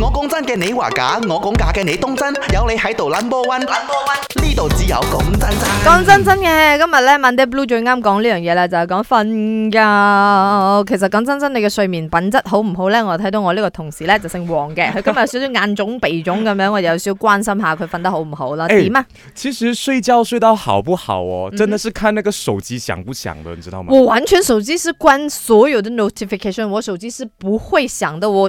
我講真嘅，你話假；我講假嘅，你當真。有你喺度 number one，number one 呢度只有講真真。講真真嘅，今日咧，Monday blue 最啱講呢樣嘢啦，就係講瞓覺。其實講真真，你嘅睡眠品質好唔好咧？我睇到我呢個同事咧就姓黃嘅，佢今日有少少眼腫、鼻腫咁樣，我有少少關心下佢瞓得好唔好啦？點啊？其實睡覺睡到好不好哦，真的是看那個手機響不響的，嗯、你知道嗎？我完全手機是關所有的 notification，我手機是不會響的，我。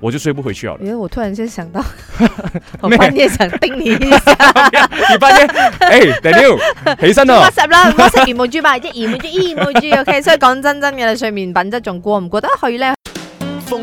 我就睡不回去了，因為、哎、我突然間想到， 我半夜想叮你一下， 你半夜哎、欸，Daniel 起身、OK, 的，我食眠夢豬吧，一眠冇豬，二眠冇豬，OK。所以講真真嘅，睡眠品質仲過唔過得、啊、去咧？風